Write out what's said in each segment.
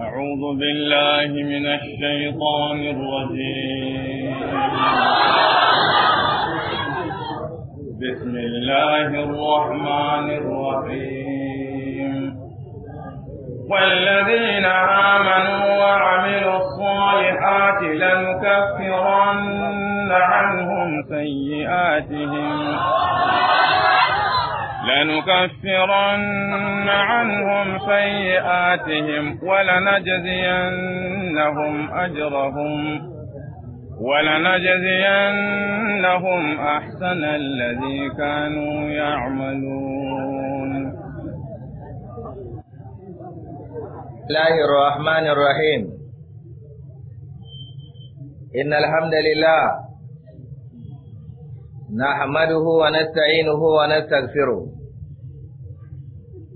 أعوذ بالله من الشيطان الرجيم بسم الله الرحمن الرحيم والذين آمنوا وعملوا الصالحات لنكفرن عنهم سيئاتهم لنكفرن عنهم سيئاتهم ولنجزينهم أجرهم ولنجزينهم أحسن الذي كانوا يعملون الله الرحمن الرحيم إن الحمد لله نحمده ونستعينه ونستغفره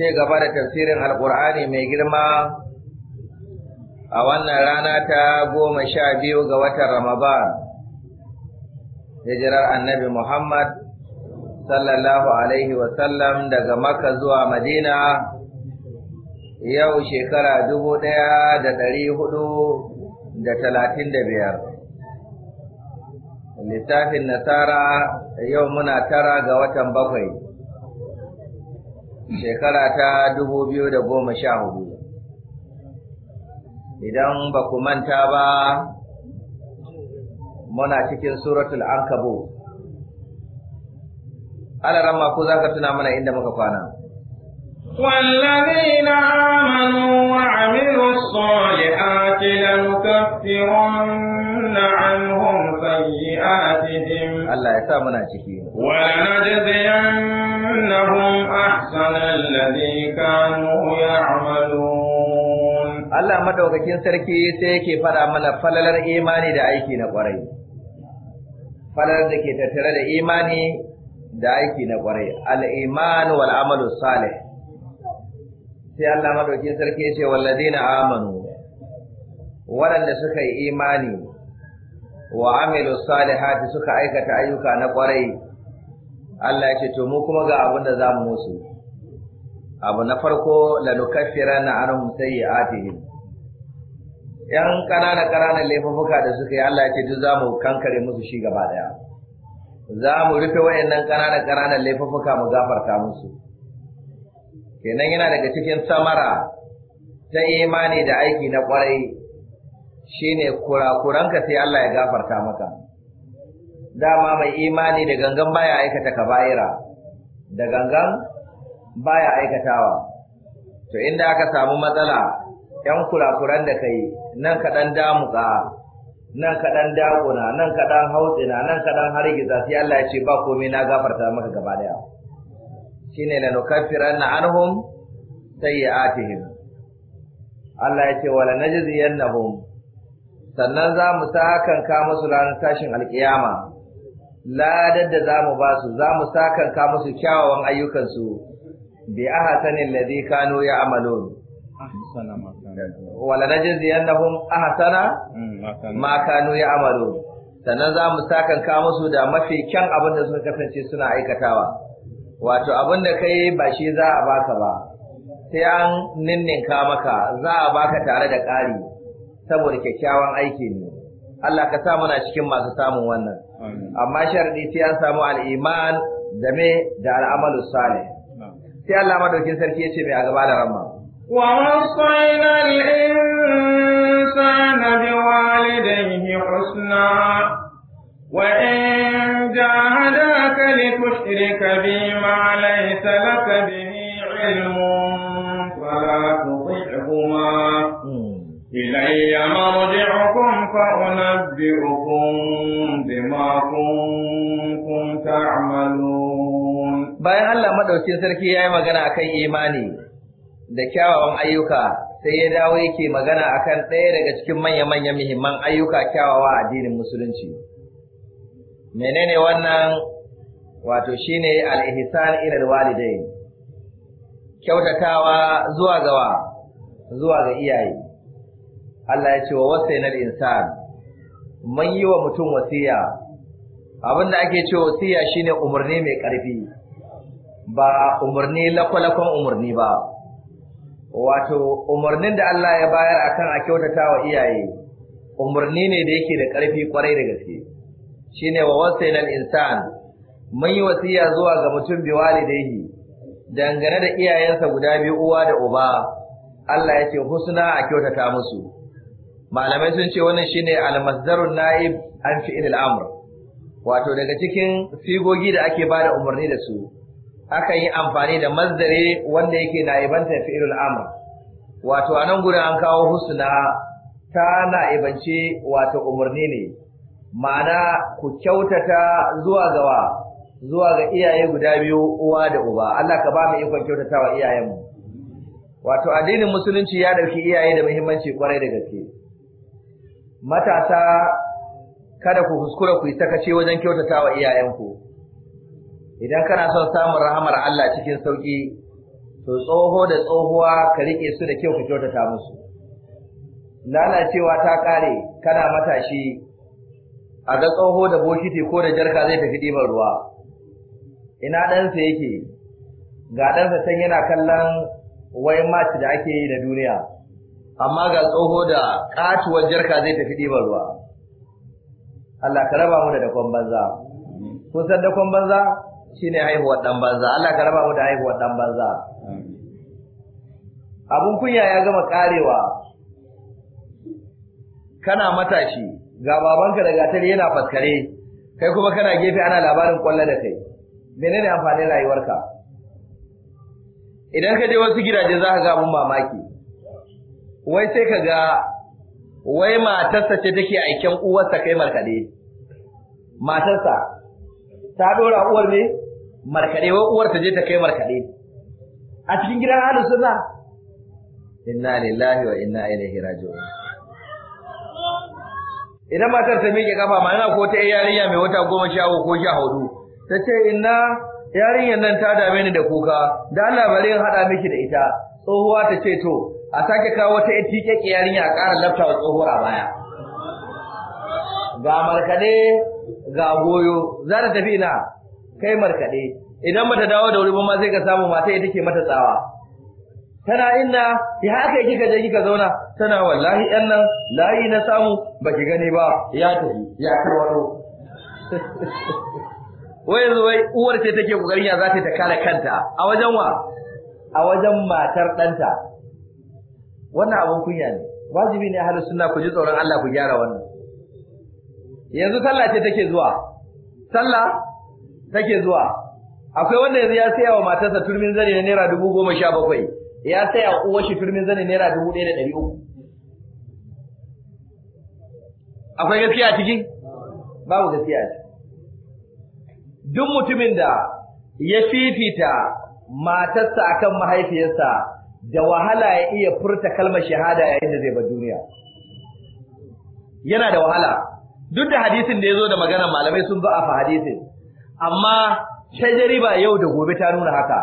ce gaba da tafsirin alkur'ani mai girma a wannan rana ta goma sha biyu ga watan ramadan hijirar annabi muhammad sallallahu alaihi wasallam daga makka zuwa madina yau shekara dubu ɗaya da ɗari hudu da talatin da biyar littafin nasara yau muna tara ga watan bakwai shekara ta dubu biyu da goma sha hudu idan ba ku manta ba muna cikin suratul ankabu alarama ko za ka tuna mana inda muka kwana والذين آمنوا وعملوا الصالحات لنكفرن عنهم سيئاتهم الله يسامنا ولنجزينهم أحسن الذي كانوا يعملون الله كين سركي سيكي فدا من فلل الإيمان دا أيكي نقري فلل دكي تترى دا إيماني دا أيكي نقري الإيمان والعمل الصالح سي الله madaukin sarki ya ce wallazina amanu waɗanda suka yi imani wa amilu salihati suka aikata ayyuka na ƙwarai Allah ya ce to mu kuma ga abin da zamu musu abu na farko la na anhum sayyi'atihim yan kanana kananan laifuka da suka yi Allah ya ce duk zamu kankare musu shi gaba daya zamu rufe wayannan kanana kananan laifuka mu gafarta musu kenan yana daga cikin samara ta imani da aiki na kwarai shine kurakuranka sai Allah ya gafarta maka dama mai imani da gangan baya aikata kaba'ira da gangan baya aikatawa to inda aka samu matsala yan kurakuran da kai nan ka dan damuka nan ka dan dakuna nan ka dan hautsina nan ka dan hargiza sai Allah ya ce ba komai na gafarta maka gaba daya shine la nukaffiranna anhum sayi'atihim Allah ya ce wala najziyannahum sannan za mu sakan ka musu ranar tashin alkiyama ladar da za mu ba su za mu sakanka musu kyawawan ayyukansu bi ahsanil kano ya amalo wala najziyannahum ahsana mm, ma Kano ya amalo. sannan za mu sakanka musu da mafi kyan abin da suka kasance suna aikatawa wato abin da kai ba shi za a baka ba sai an ninninka maka za a baka tare da ƙari saboda kyakkyawan aiki ne Allah ka sa muna cikin masu samun wannan. Amma sharadi sai an samu al'iman da me da al'amalu salih. Sai Allah madaukin sarki ya ce mai a gaba da ramma. Wa wasaina al-insana biwalidayhi husna wa in jahadaka litushrika bi ma laysa laka bihi ilmun fala tuti'huma إلي مرجعكم فأنبئكم بما كنتم تعملون bayan Allah madaukin sarki ya yi magana akan imani da kyawawan ayyuka sai ya dawo yake magana akan ɗaya daga cikin manya-manyan muhimman ayyuka kyawawa a addinin musulunci menene wannan wato shine al-ihsan ila walidain kyautatawa zuwa gawa zuwa ga iyaye Allah ya ce wa na insan mun yi wa mutum wasiya abin da ake ce wasiya shine umarni mai ƙarfi ba umarni lakwalakon umarni ba wato umarnin da Allah ya bayar akan a kyautata wa iyaye umarni ne da yake da ƙarfi kwarai da gaske shine wa na insan mun yi wasiya zuwa ga mutum bi walidayhi dangane da iyayensa guda biyu uwa da uba Allah ya ce husna a kyautata musu malamai sun ce wannan shine al-masdarun na'ib an fi'il al-amr wato daga cikin sigogi da ake ba da umarni da su akan yi amfani da masdare wanda yake na'ibanta fi'il al-amr wato anan gurin an kawo husna ta na'ibance wato umarni ne ma'ana ku kyautata zuwa gawa zuwa ga iyaye guda biyu uwa da uba Allah ka ba mu ikon kyautatawa iyayenmu wato addinin musulunci ya dauki iyaye da muhimmanci kwarai da gaske matasa kada ku kuskura ku yi sakace wajen kyautata wa iyayenku idan kana son samun rahamar Allah cikin sauki to tsoho da tsohuwa ka rike su da kyau ka kyautata musu lalacewa ta kare kana matashi a ga tsoho da bokiti ko da jarka zai tafi ɗiban ruwa ina ɗansa yake ga ɗansa can yana kallon wai mat da ake yi da duniya amma ga tsoho da katuwar jarka zai tafi ɗiban ruwa Allah ka raba mu da dakon banza kun san dakon banza shi ne haihuwar ɗan banza Allah ka raba mu da haihuwar ɗan banza abun kunya ya gama ƙarewa. kana matashi ga babanka da gatari yana faskare kai kuma kana gefe ana labarin ƙwallo da kai menene amfanin rayuwarka idan ka je wasu gidaje za ka ga mamaki wai sai ka ga wai matarsa ce take aiken uwarsa kai markade matarsa ta dora uwar ne markade wai uwar ta je ta kai markade a cikin gidan ahlus sunna inna lillahi wa inna ilaihi raji'un idan matar ta miƙe kafa ma yana ko ta yarinya mai wata goma sha uku ko sha hudu ta ce inna yarinyar nan ta dame ni da kuka da Allah bari in haɗa miki da ita tsohuwa ta ce to a sake kawo wata ita yarinya a ƙara lafta wa tsohuwar a baya ga markaɗe ga goyo za ta tafi ina kai markaɗe idan mata dawo da wuri ba ma zai ka samu mata ita ke mata tsawa tana ina, ya haka kika je kika zauna tana wallahi yan nan layi na samu ba ki gani ba ya tafi ya karwaro wai yanzu wai uwar ce take kokarin ya za ta kare kanta a wajen wa a wajen matar ɗanta wannan abin kunya ne wajibi ne ahlus sunna ku ji tsoron Allah ku gyara wannan yanzu sallah ce take zuwa sallah take zuwa akwai wanda yanzu ya saya wa matarsa turmin zane na naira dubu goma sha bakwai ya saya wa uwar shi turmin zane naira dubu ɗaya da ɗari uku akwai gaskiya cikin ciki babu gaskiya ciki duk mutumin da ya fifita matarsa akan mahaifiyarsa da wahala ya iya furta kalmar shahada yayin da zai bar duniya yana da wahala duk da hadisin da ya zo da magana malamai sun fa hadisin amma jariba yau da gobe ta nuna haka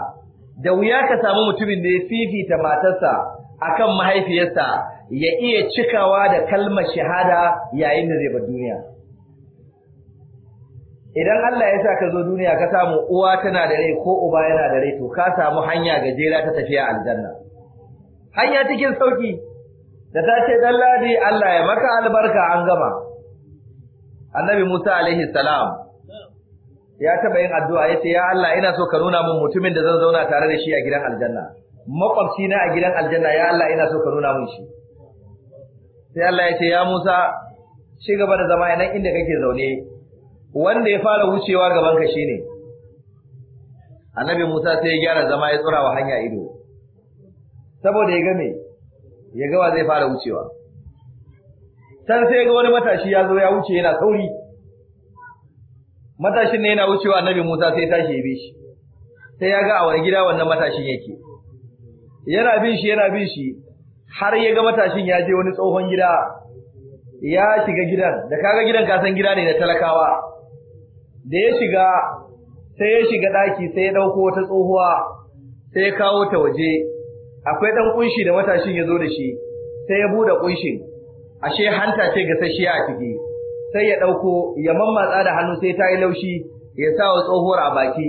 da wuya ka samu mutumin da ya fifita matarsa akan mahaifiyarsa ya iya cikawa da kalmar shahada yayin da zai bar duniya idan Allah ya sa ka zo duniya ka samu uwa tana da rai ko uba yana da rai to ka samu hanya gajera ta tafiya aljanna hanya cikin sauki da ta ce dan ladi Allah ya maka albarka an gama annabi Musa alaihi salam ya taba yin addu'a ya ce, ya Allah ina so ka nuna min mutumin da zan zauna tare da shi a gidan aljanna makwabci na a gidan aljanna ya Allah ina so ka nuna min shi sai Allah ya ce ya Musa ci gaba da zama nan inda kake zaune wanda ya fara wucewa gaban ka shine annabi Musa sai ya gyara zama ya tsura wa hanya ido saboda ya ga me ya ga wa zai fara wucewa san sai ga wani matashi ya zo ya wuce yana sauri matashin ne yana wucewa annabi Musa sai tashi ya bi shi sai ya ga a wani gida wannan matashin yake yana bin shi yana bin shi har ya ga matashin ya je wani tsohon gida ya shiga gidan da kaga gidan ka san gida ne na talakawa da ya shiga sai ya shiga ɗaki sai ya dauko wata tsohuwa sai ya kawo ta waje akwai ɗan kunshi da matashin ya zo da shi sai ya buɗe kunshin ashe hanta ce ga gasasshiya a ciki sai ya ɗauko ya mammatsa da hannu sai ta yi laushi ya sa wa tsohuwar a baki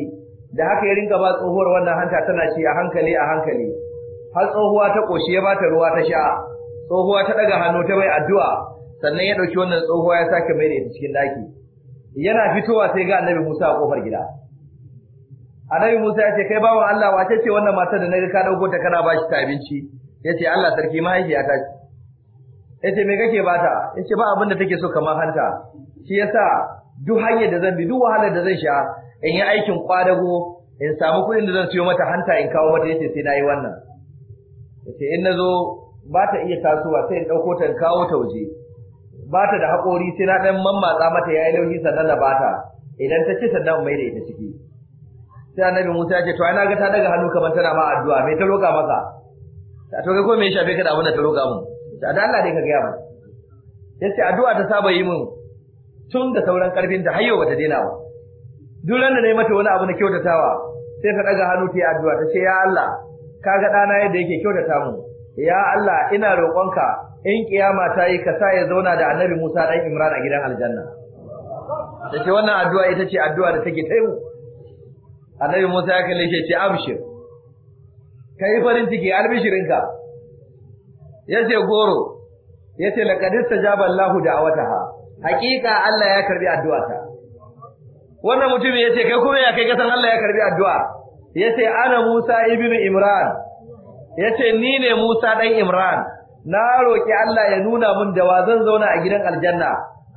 da haka ya ringa ba tsohuwar wannan hanta tana ci a hankali a hankali har tsohuwa ta ƙoshi ya bata ruwa ta sha tsohuwa ta ɗaga hannu ta mai addu'a sannan ya ɗauki wannan tsohuwa ya sake mai da ita cikin ɗaki yana fitowa sai ga annabi Musa a kofar gida annabi Musa ya ce kai bawan Allah wace ce wannan matar da naga ka dauko ta kana bashi ta abinci yace Allah sarki Ya ce yace me kake bata yace ba abin da take so kamar hanta shi yasa duk hanyar da zan bi duk wahalar da zan sha in yi aikin kwadago in samu kuɗin da zan siyo mata hanta in kawo mata yace sai nayi wannan yace in nazo ba ta iya tasowa sai in ɗauko ta in kawo ta waje ba ta da haƙori sai na ɗan mammatsa mata ya yi laushi sannan na bata idan ta ci sannan mai da ita ciki sai annabi Musa ya ce to ai na ga ta daga hannu kamar tana ma addu'a me ta roƙa maka ta to kai ko me ya shafe ka da abin da ta roƙa mu da Allah dai ka ga mu ce addu'a ta saba yi mun tun da sauran karfin ta hayyo bata daina ba duk ran da nayi mata wani abu na kyautatawa sai ta daga hannu ta yi addu'a ta ce ya Allah kaga ɗana yadda yake kyautata mu ya Allah ina roƙonka in kiyama ta yi ka sa ya zauna da annabi Musa dan Imran a gidan aljanna Da ce wannan addu'a ita ce addu'a da take taimu annabi Musa ya kalle shi ce abshir kai farin ciki albishirinka ce goro yace laqad istajaba Allahu da'awataha. haqiqa Allah ya karbi addu'ata wannan mutumin ce kai kuma ya kai ka san Allah ya karbi addu'a Ya ce ana Musa ibnu Imran Ya ce ni ne Musa dan Imran na roki Allah ya nuna mun da wa zan zauna a gidan aljanna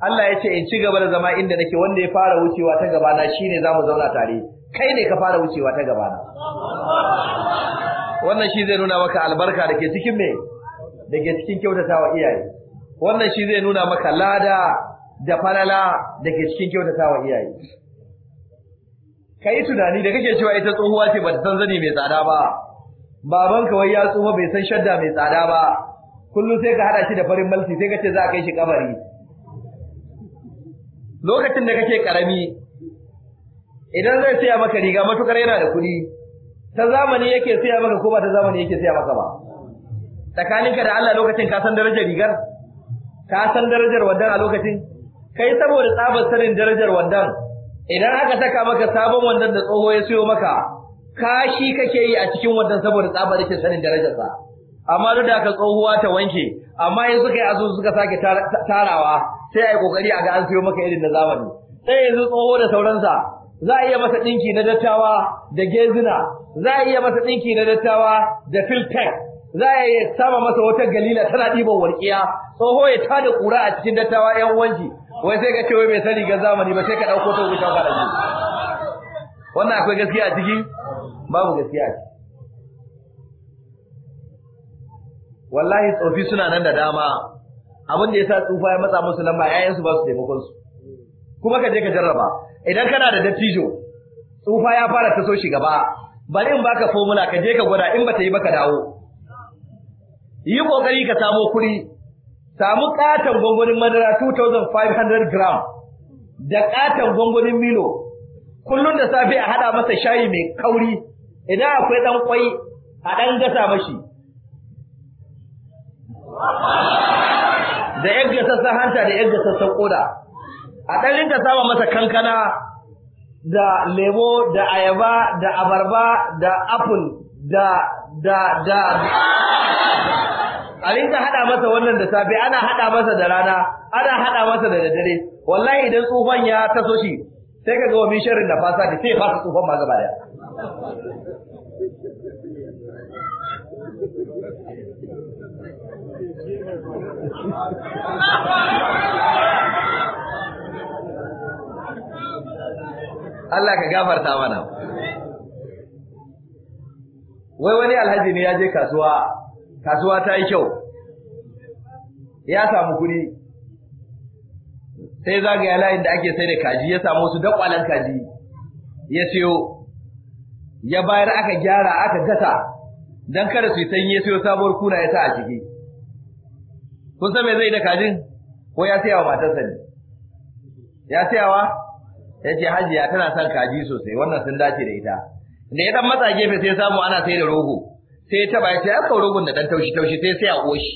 Allah ya ce in ci gaba da zama inda nake wanda ya fara wucewa ta gaba na shine zamu zauna tare kai ne ka fara wucewa ta gaba na wannan shi zai nuna maka albarka dake cikin me dake cikin kyautatawa iyaye wannan shi zai nuna maka lada da falala dake cikin kyautatawa iyaye kai tunani da kake cewa ita tsohuwa ce ba ta san zani mai tsada ba Babanka wai ya tsufa bai san shadda mai tsada ba kullum sai ka hada shi da farin malti sai ka ce za a kai shi kabari lokacin da kake karami idan zai saya maka riga matukar yana da kuɗi ta zamani yake saya maka ko ba ta zamani yake saya maka ba tsakaninka da Allah lokacin ka san darajar rigar ka san darajar wandan a lokacin kai saboda tsabar sanin darajar wandan idan aka saka maka sabon wandan da tsoho ya siyo maka kashi kake yi a cikin wandan saboda tsabar yake sanin darajarsa amma duk da aka tsohuwa ta wanke amma yanzu kai azu suka sake tarawa sai ai kokari a ga an siyo maka irin na zamani sai yanzu tsoho da sauransa za a iya masa dinki na dattawa da gezina za a iya masa dinki na dattawa da filtek za a iya sama masa wata galila tana ɗiban walƙiya tsoho ya tada ƙura a cikin dattawa yan wanki wai sai ka ce wai bai sani ga zamani ba sai ka ɗauko ta fara ka wannan akwai gaskiya a ciki babu gaskiya a ciki wallahi tsofi suna nan da dama abin da yasa tsufa ya matsa musu lamba ƴaƴan su ba su taimakon su kuma ka je ka jarraba idan kana da dattijo tsufa ya fara taso shi gaba bari in baka formula ka je ka gwada in bata yi baka dawo yi kokari ka samo kuri samu katon gwangwanin madara 2500 gram da katon gwangwanin milo kullun da safe a hada masa shayi mai kauri idan akwai dan kwai a dan gasa mashi da ta sassan hanta da ta sassan koda a ɗan ta saba masa kankana da lemo da ayaba da abarba da apple da da da a ta haɗa masa wannan da safe ana haɗa masa da rana ana haɗa masa da dare, wallahi idan tsufan ya taso shi sai ka ga wa mishirin da fasa da sai fasa tsufan ma gaba daya Allah ka gafarta mana wai wani alhaji ne ya je kasuwa kasuwa ta yi kyau ya samu kuɗi sai zagaya layin da ake sai da kaji ya samu su dakwalan kaji ya siyo ya bayar aka gyara aka gasa don kada su yi sanyi ya siyo sabuwar kuna ya sa a ciki kun san me zai da kajin ko ya tsaya wa matarsa ne ya sayawa ya ce hajiya tana son kaji sosai wannan sun dace da ita da ya dan matsa gefe sai samu ana sai da rogo sai ta bai sai aka rogon da dan taushi taushi sai sai a koshi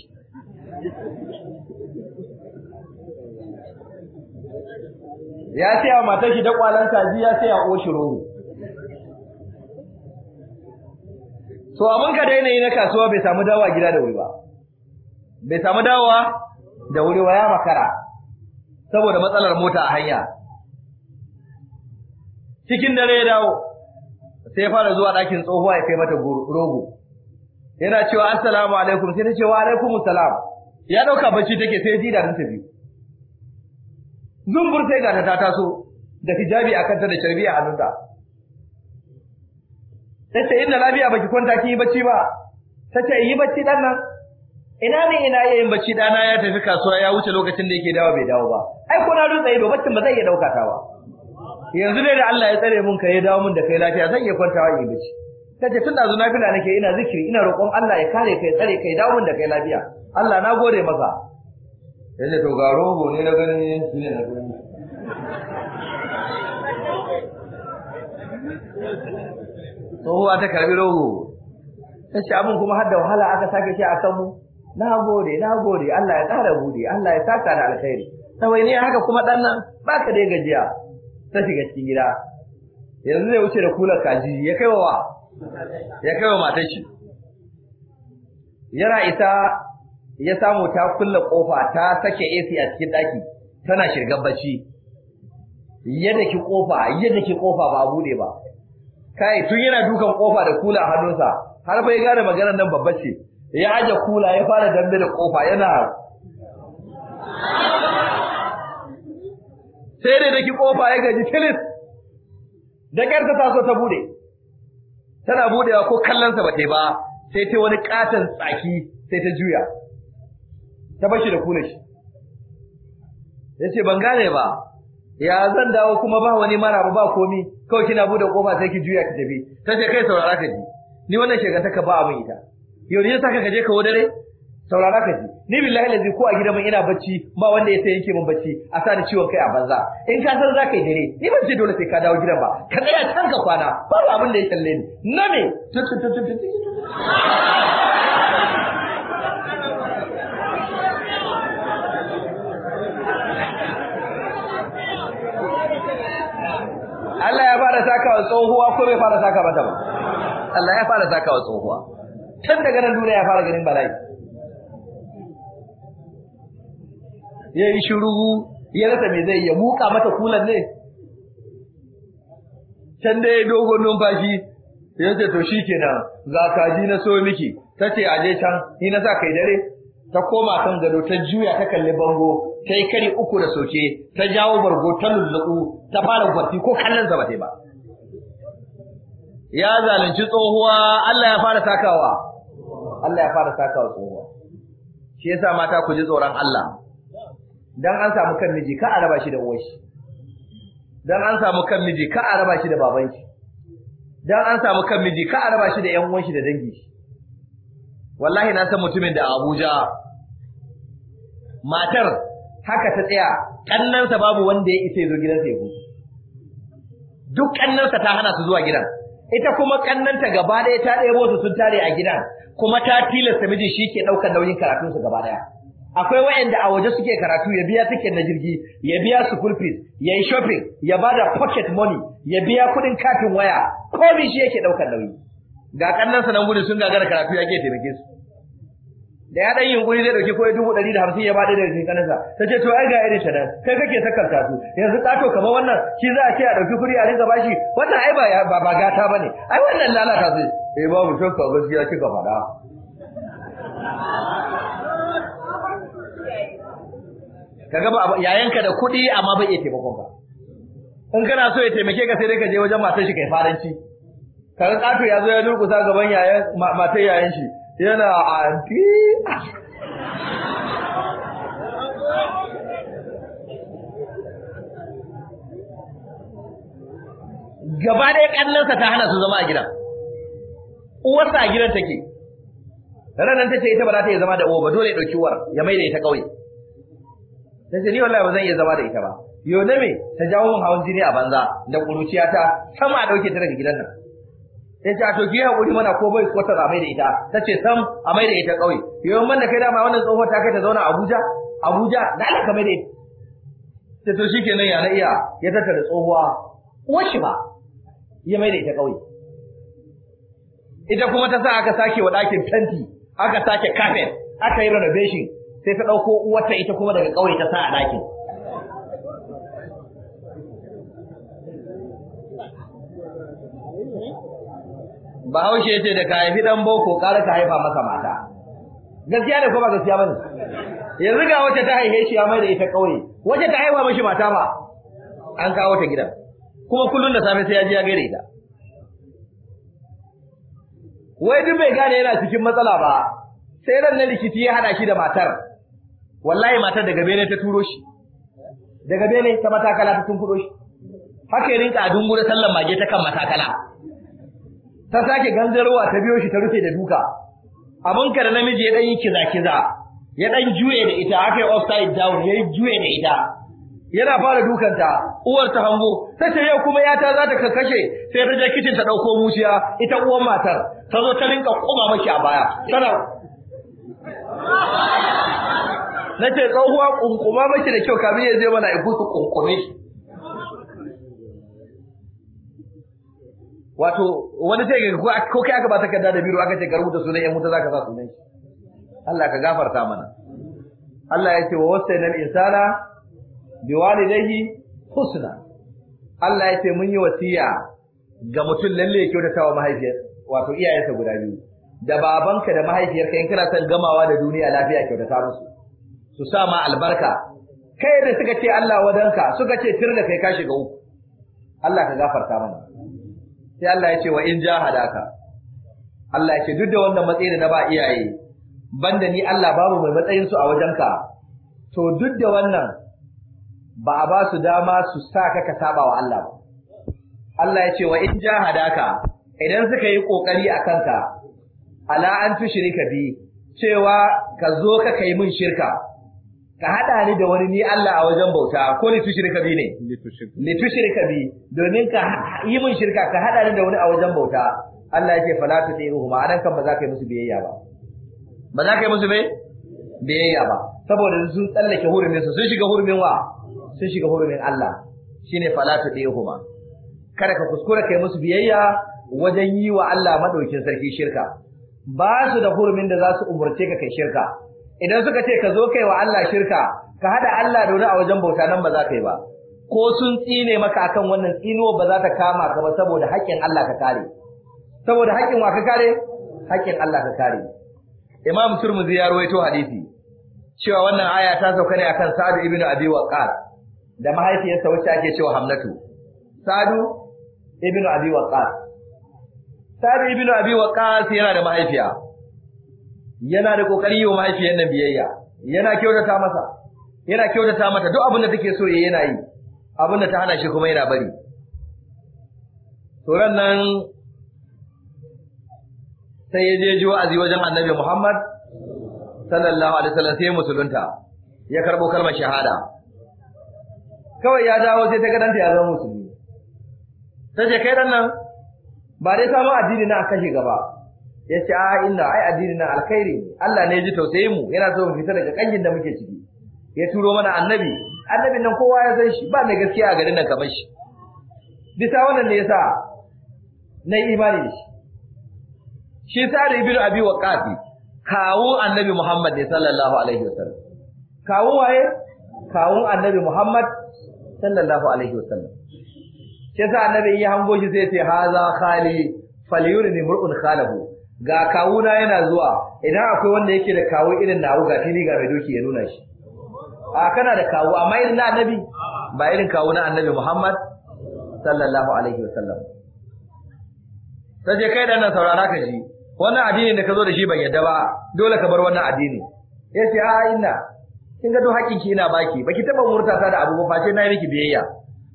ya sai a matar shi da kwalan kaji ya sai a koshi rogo to abin ka daina ne na kasuwa bai samu dawa gida da wuri ba bai samu dawowa da wuri wa ya makara saboda matsalar mota a hanya cikin dare ya dawo sai ya fara zuwa ɗakin tsohuwa ya kai mata rogo yana cewa assalamu alaikum sai ta ce wa alaikum salam ya ɗauka bacci take sai ji da ta biyu zumbur sai ga ta taso da hijabi a kanta da sharbi a hannunta ta ce inda lafiya baki kwanta ki yi bacci ba ta ce yi bacci ɗan nan ina ne ina iya yin bacci dana ya tafi kasuwa ya wuce lokacin da yake dawo bai dawo ba ai ko na rutsa ido baccin ba zai iya dauka ta ba yanzu dai da Allah ya tsare mun ka ya dawo mun da kai lafiya zan iya kwantawa in bacci kace tun na nafila nake ina zikiri ina roƙon Allah ya kare kai tsare kai dawo mun da kai lafiya Allah na gode maka Yanzu to ga rogo ne na gani shi ne na gani tsohuwa ta karbi rogo tace abin kuma har da wahala aka sake shi a kanmu na gode na gode Allah ya ƙara bude Allah ya saka da alkhairi ne haka kuma dan nan baka dai gajiya ta shiga cikin gida yanzu zai wuce da kular kaji ya kai wa ya kai wa matar shi yana isa ya samu ta kulle kofa ta sake AC a cikin daki tana shirgar bacci yadda ki kofa yadda ki kofa ba bude ba kai tun yana dukan kofa da kula hannunsa har bai gane maganar nan babba ce ya aje kula ya fara dambe da kofa yana sai da daki kofa ya gaji tilis da karta ta so ta bude tana budewa ko kallon sa bata ba sai ta wani katon tsaki sai ta juya ta bashi da kula shi yace ban gane ba ya zan dawo kuma ba wani mara ba komi kawai kina bude kofa sai ki juya ki tafi sai kai saurara ka ji ni wannan ka ba mu ita yau ne saka ka je ka dare saurara ka ji ni billahi lazi ko a gidan mun ina bacci ba wanda ya sai yake mun bacci a sani ciwon kai a banza in ka san zaka yi dare ni ban ce dole sai ka dawo gidan ba ka tsaya can ka kwana ba abin da ya kalle ni na ne. Allah ya fara saka wa tsohuwa ko bai fara saka mata ba Allah ya fara saka wa tsohuwa tun daga nan duniya ya fara ganin bala'i ya yi shiru ya rasa mai zai ya muka mata kulan ne can da ya dogon numfashi ya ce to shi kenan za ji na so miki ta ce aje can ni na ka yi dare ta koma kan gado ta juya ta kalli bango ta yi kari uku da soke ta jawo bargo ta lulluɓu ta fara gwarfi ko kallon zaba ba ya zalunci tsohuwa Allah ya fara takawa Allah ya fara saka wa tsohuwa shi yasa mata ku ji tsoron Allah dan an samu kan miji ka a raba shi da uwar shi dan an samu kan miji ka a raba shi da baban shi dan an samu kan miji ka a raba shi da ƴan uwan shi da dangi shi wallahi na san mutumin da Abuja matar haka ta tsaya kannansa babu wanda ya isa ya zo gidansa ya huta duk kannansa ta hana su zuwa gidan ita kuma kannanta gaba ɗaya ta ɗebo su sun tare a gidan kuma ta tilasta miji shi ke ɗaukar nauyin karatunsu gaba ɗaya. Akwai waɗanda a waje suke karatu ya biya tiket na jirgi, ya biya school fees, ya yi shopping, ya ba da pocket money, ya biya kuɗin kafin waya, komi shi yake ɗaukar nauyi. Ga ƙannansa nan gudu sun gagara karatu ya ke taimake su. da ya dan yunkuri zai dauki koyi dubu ɗari da hamsin ya bada da kanansa ta ce to ai ga irin ta nan kai kake sakarta su yanzu kato kamar wannan shi za a ce a dauki kuri a rinka bashi wannan ai ba ba gata bane ai wannan lalata zai eh babu shakka gaskiya kika faɗa kaga ba yayanka da kuɗi amma bai iya taimakon ka in kana so ya taimake ka sai dai ka je wajen matar shi kai faranci kaga kato ya zo ya durkusa gaban yayan matar yayan shi yana anti gaba ɗaya ƙannansa ta hana su zama a gidan uwarsa a gidan take ranar ta ce ita ba za ta iya zama da uwa ba dole ya ɗauki uwar ya mai da ita ƙauye ta ce ni wallahi ba zan iya zama da ita ba yau na me ta jawo min hawan jini a banza da ta, sama a ɗauke ta daga gidan nan ya ce a to ki haƙuri mana ko bai kwatar a mai da ita ta ce sam a mai da ita ƙauye yawan man da kai dama wannan tsohuwar ta kai ta zauna Abuja Abuja na ala kamar mai da ita ta to shi kenan ya na iya ya tattara tsohuwa uwar shi ba ya mai da ita ƙauye ita kuma ta sa aka sake wa ɗakin tanti aka sake kafet aka yi renovation sai ta ɗauko uwarta ita kuma daga ƙauye ta sa a ɗakin Bahaushe ya ce da ka haifi ɗan boko ƙara ka haifa masa mata. Gaskiya ne ko ba gaskiya bane? Yanzu ga wacce ta haife shi ya mai da ita ƙauye, wacce ta haifa mishi mata ba, an kawo ta gidan. Kuma kullum da safe sai ya je ya gaida ita. Wai duk bai gane yana cikin matsala ba, sai ran na likiti ya hada shi da matar. Wallahi matar daga bene ta turo shi. Daga bene ta matakala ta tunkuro shi. Haka ya rinka a dungure sallan mage ta kan matakala. ta sake gangarwa ta biyo shi ta rufe da duka abun ka da namiji ya dan yi kiza kiza ya dan juye da ita aka yi offside down ya juye da ita yana fara dukanta uwar ta hango ta yau kuma yata za ta kakkashe sai ta je kitchen ta dauko musiya ita uwar matar ta zo ta rinka kuma maki a baya tana nace tsohuwa kunkuma maki da kyau kamin ya zai mana iku su shi. wato wani sai ga ko kai aka ba takarda da biro aka ce ka rubuta sunan yan wuta zaka sa sunan shi Allah ka gafarta mana Allah ya ce wa al insana biwalidayhi husna Allah ya ce mun yi wasiya ga mutum lalle ya kyautata wa mahaifiyar wato iyayensa guda biyu da babanka da mahaifiyarka in kana son gamawa da duniya lafiya kyautata musu su sa ma albarka kai da suka ce Allah wadanka suka ce tirda kai ka shiga uku Allah ka gafarta mana sai Allah ya ce wa in jahadaka Allah ya ce duk da wannan matsayin da na ba iyaye banda ni Allah babu mai matsayin su a wajenka to duk da wannan ba a ba su dama su sa ka ka saba wa Allah ba Allah ya ce wa in jahadaka idan suka yi kokari a kanka ala an tushrika bi cewa ka zo ka kai mun shirka ka haɗa ni da wani ni Allah a wajen bauta ko litushirka bi ne litushirka bi domin ka yi mun shirka ka haɗa ni da wani a wajen bauta Allah yake falatu tu tihu ma anan kan ba za ka yi musu biyayya ba ba za ka yi musu biyayya ba saboda sun tsallake hurumin su sun shiga hurumin wa sun shiga hurumin Allah shine ne tu tihu ma kada ka kuskura kai musu biyayya wajen yi wa Allah madaukin sarki shirka ba su da hurumin da za su umurce ka kai shirka idan suka ce ka zo kai wa Allah shirka ka hada Allah da wani a wajen bauta nan ba za ka yi ba ko sun tsine maka akan wannan tsinuwa ba za ta kama ka ba saboda haƙƙin Allah ka kare saboda haƙƙin wa ka kare haƙƙin Allah ka kare Imam Turmuzi ya rawaito hadisi cewa wannan aya ta sauka ne akan Sa'ad ibn Abi Waqqas da mahaifiyarsa wacce ake cewa Hamnatu Sa'ad ibn Abi Waqqas Sa'ad ibn Abi Waqqas yana da mahaifiya yana da kokari yau wa mahaifiyar nan biyayya yana kyautata masa yana kyautata mata duk abin da take so yayi eh, yana yi abin da ta hana shi kuma yana bari to nan sai ya je ji wa'azi wajen Annabi Muhammad sallallahu alaihi wasallam sai musulunta ya karbo kalmar shahada kawai ya dawo sai ta gadanta ya zama musulmi sai kai dan nan ba dai samu addini na aka shi gaba ya ce a inna ai addini na alkhairi Allah ne ya ji tausayin mu yana so mu fita daga kangin da muke ciki ya turo mana annabi annabin nan kowa ya san shi ba mai gaskiya a garin nan kamar shi bisa wannan ne yasa na imani da shi shi sa'ad ibnu abi waqas kawo annabi Muhammad ne sallallahu alaihi wasallam kawo waye kawo annabi Muhammad sallallahu alaihi wasallam sai sa annabi ya hango shi sai ya ce haza khali falyurni mur'un khalahu ga kawuna yana zuwa idan akwai wanda yake da kawo irin nawo ga fili ga mai doki ya nuna shi a kana da kawo amma irin na annabi ba irin kawo na annabi Muhammad sallallahu alaihi wasallam sai kai da nan saurara ka ji wannan addini da ka zo da shi ban yadda ba dole ka bar wannan addini ce a ina kin ga do hakkin ki ina baki baki taba murtata da abubuwa face na yi miki biyayya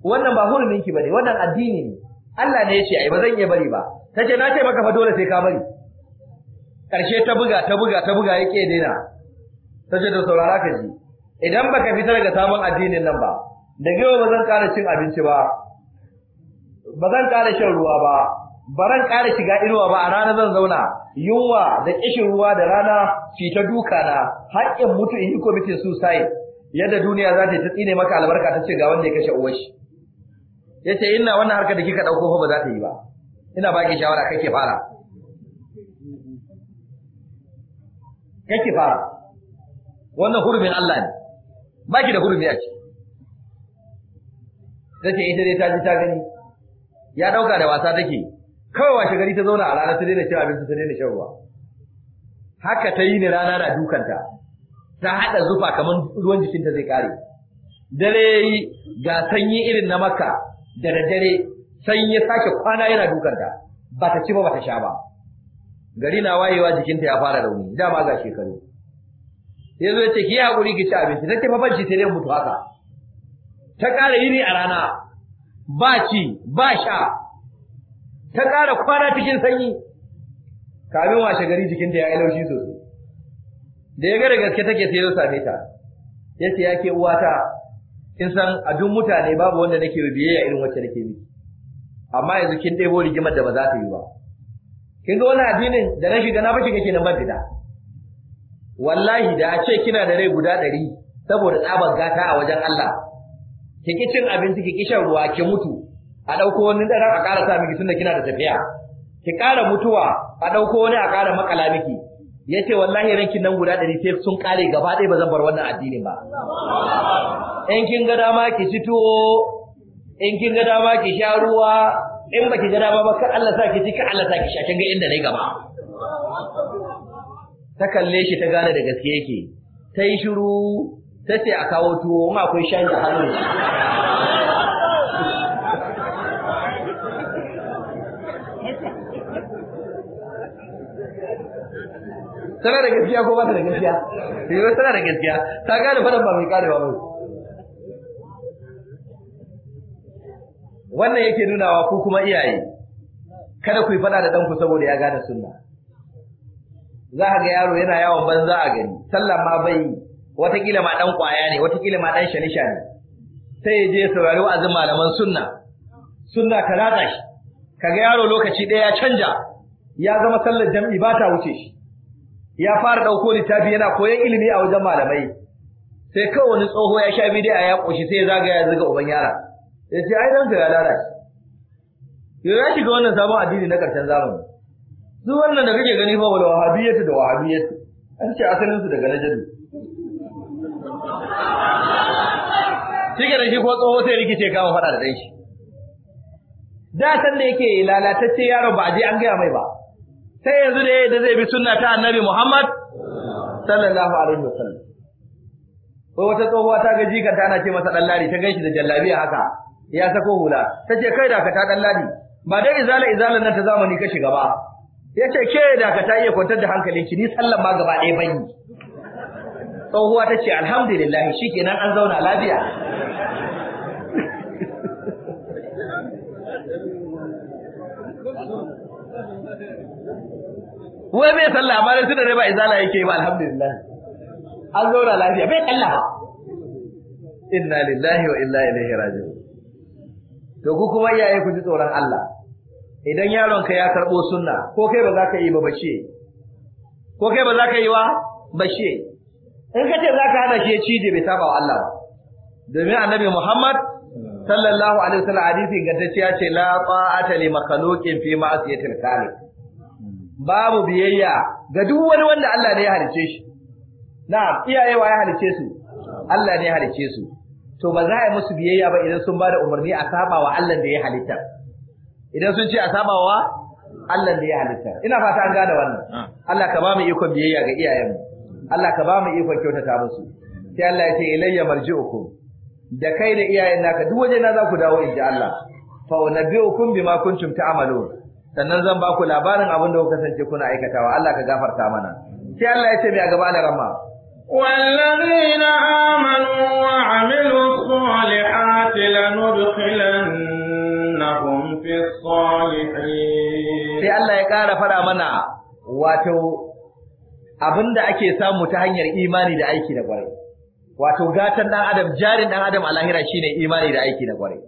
wannan ba hurumin ki bane wannan addini ne Allah ne ya ce, ai ba zan iya bari ba Ta ce na ce maka fa dole sai ka bari ƙarshe ta buga ta buga ta buga yake daina ta ce da saurara ka ji idan baka fitar ga sabon addinin nan ba da gaba ba zan ƙara cin abinci ba ba zan ƙara shan ruwa ba ba zan ƙara shiga inuwa ba a rana zan zauna yunwa da ƙishin ruwa da rana ci ta duka na har mutu in yi kwamitin suicide yadda duniya za ta yi ta tsine maka albarka ta ce ga wanda ya kashe uwashi shi ya ce ina wannan harkar da kika ɗauko ba za ta yi ba ina baki shawara kake fara kake fara wannan hurumin Allah ne ba ki da hurumi a ciki take ita dai ta ji ta gani ya dauka da wasa take kawai washe gari ta zauna a rana ta daina cin abinci ta daina shan ruwa haka ta yi ni rana na dukanta ta haɗa zufa kamar ruwan jikinta zai kare dare yi ga sanyi irin na makka da daddare sanyi ya sake kwana yana dukanta ba ta ci ba ba ta sha ba gari na wayewa jikinta ya fara rauni ma ga shekaru sai zo ce ki hakuri ki ci abinci take fa bacci sai dai mutu haka ta ƙara yini a rana ba ci ba sha ta ƙara kwana cikin sanyi kamin washe gari jikinta ya yi laushi sosai da ya gara gaske take sai ya same ta ya ce ya ke uwata in san a duk mutane babu wanda nake biyayya irin wacce nake miki amma yanzu kin ɗebo rigimar da ba za ta yi ba kin ga wani addinin da na shiga na ba shiga kenan ban wallahi da a ce kina da rai guda ɗari saboda tsabar gata a wajen Allah ki ki cin abinci ki ki shan ruwa ki mutu a ɗauko wani dara a ƙara sa miki tunda kina da tafiya ki ƙara mutuwa a ɗauko wani a ƙara makala miki yace wallahi ranki nan guda ɗari sai sun kare gaba ɗaya ba zan bar wannan addini ba in kin ga dama ki fito in kin ga dama ki sha ruwa in baki ki dama ba kar Allah sa ki ci kar Allah sa ki sha kin ga inda nayi gaba ta kalle shi ta gane da gaske yake ta yi shiru ta ce a kawo tuwo in akwai shan a hannun shi tana da gaskiya ko ba ta da gaskiya eh, tana da gaskiya ta gane fadan ba mai karewa ba wannan yake nunawa ku kuma iyaye kada ku yi fada da danku saboda ya gane sunna za ka ga yaro yana yawon banza a gani sallah ma bai watakila ma dan kwaya ne watakila ma dan shanisha ne sai ya je ya saurari wa'azin malaman sunna sunna ka ratsa shi Ka ga yaro lokaci ɗaya ya canja ya zama sallar jam'i ba ta wuce shi ya fara ɗauko littafi yana koyon ilimi a wajen malamai sai kawai wani tsoho ya sha bidiyo ya koshi sai ya zagaya ya zuga uban yara ya ce ai ɗansa ya lalace yau ya shiga wannan sabon addini na ƙarshen zamani su wannan da kake gani fa wala wahabiyatu da wahabiyatu. an ce asalin su daga najadu shike da shi ko tsoho sai rikice kama faɗa da dai shi da san da yake lalatacce yaro ba a je an gaya mai ba sai yanzu da da zai bi sunna ta annabi Muhammad sallallahu alaihi wasallam ko wata tsohuwa ta ga jikanta ana ce masa dallari ta ganshi da jallabiya haka ya sako hula tace kai da ka ta dan ladi ba dai izala izala nan ta zamani ka shiga ba yace ke da ka ta iya kwantar da ki ni sallan ba gaba ɗaya ba yi tsohuwa ta ce alhamdulillah shikenan an zauna lafiya wai bai sallah amma dai tunda ba izala yake ba alhamdulillah an zauna lafiya bai kalla inna lillahi wa inna ilaihi raji'un to ku kuma iyaye ku ji tsoron Allah idan yaronka ya karbo sunna ko kai ba za ka yi ba bace ko kai ba za ka yi wa bace in ka ce za ka hana shi ya cije bai saba wa Allah ba domin annabi Muhammad sallallahu alaihi wasallam hadisi gantacce ya ce la ta'ata li makhluqin fi ma'siyatil khaliq babu biyayya ga duk wani wanda Allah ne ya halice shi na'am iyaye wa ya halice su Allah ne ya halice su to ba za a yi musu biyayya ba idan sun bada umarni a saba wa Allah da ya halitta idan sun ce a saba wa Allah da ya halitta ina fata an gane wannan ah. Allah ka ba mu ikon biyayya ga iyayenmu Allah ka ba mu ikon kyautata musu sai Allah ya ce ilayya marji'ukum da kai da iyayen naka duk waje na za ku dawo inji Allah fa unabbi'ukum bima kuntum ta'malun sannan zan ba ku labarin abin da kuka kasance kuna aikatawa Allah ka gafarta mana sai Allah ya ce mai a gaba Allah rama والذين آمنوا وعملوا الصالحات لندخلنهم في الصالحين sai Allah ya ƙara fara mana wato abinda ake samu ta hanyar imani da aiki da gwarai wato gatan dan adam jarin dan adam a lahira shine imani da aiki da gwarai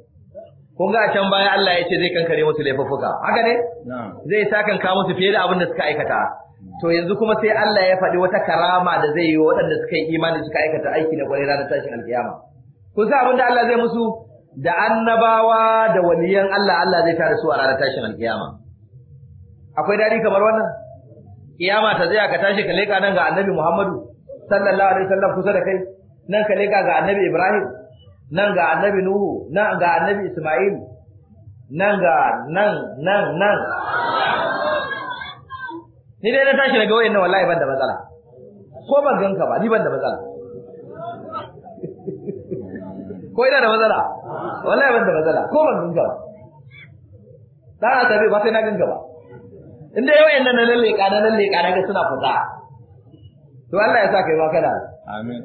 kun ga can baya Allah ya ce zai kankare musu laifuffuka haka ne zai sakan ka musu fiye da abin da suka aikata to yanzu kuma sai Allah ya faɗi wata karama da zai yi waɗanda suka yi imani suka aikata aiki na ƙwarai ranar tashin alƙiyama. kun san abin da Allah zai musu da annabawa da waliyan Allah Allah zai tare su a ranar tashin alƙiyama. akwai dadi kamar wannan kiyama ta zai ka tashi ka leka nan ga annabi Muhammadu sallallahu alaihi wasallam kusa da kai nan ka leka ga annabi Ibrahim nan ga annabi Nuhu nan ga annabi Isma'il nan ga nan nan nan ni dai na tashi daga wayannan wallahi ban da matsala ko ban ganka ba ni ban da matsala ko ina da matsala wallahi ban da matsala ko ban ganka ba na asabe ba sai na ganka ba in dai wayannan na lalle ka na lalle ka daga suna fuka to Allah ya sa kai ba kana amin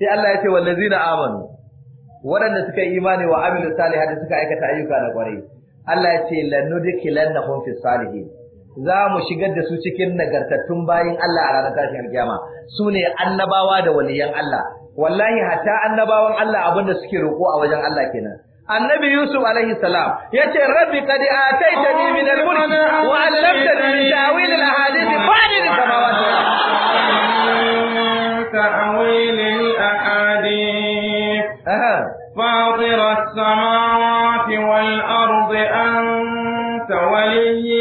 sai Allah ya ce wallazina amanu waɗanda suka yi imani wa amilu salihati suka aikata ayyuka na kwarai Allah ya ce lanudkilannahum fis salihin za mu shigar da su cikin nagartattun bayin Allah a ranar tashin alkiyama su ne annabawa da waliyan Allah wallahi hatta annabawan Allah abin da suke roƙo a wajen Allah kenan annabi yusuf alaihi salam yace rabbi qad ataitani min al-mulk wa 'allamtani min ta'wil al-ahadith fa'dil samawati ta'wil al-ahadith فاطر السماوات والأرض أنت ولي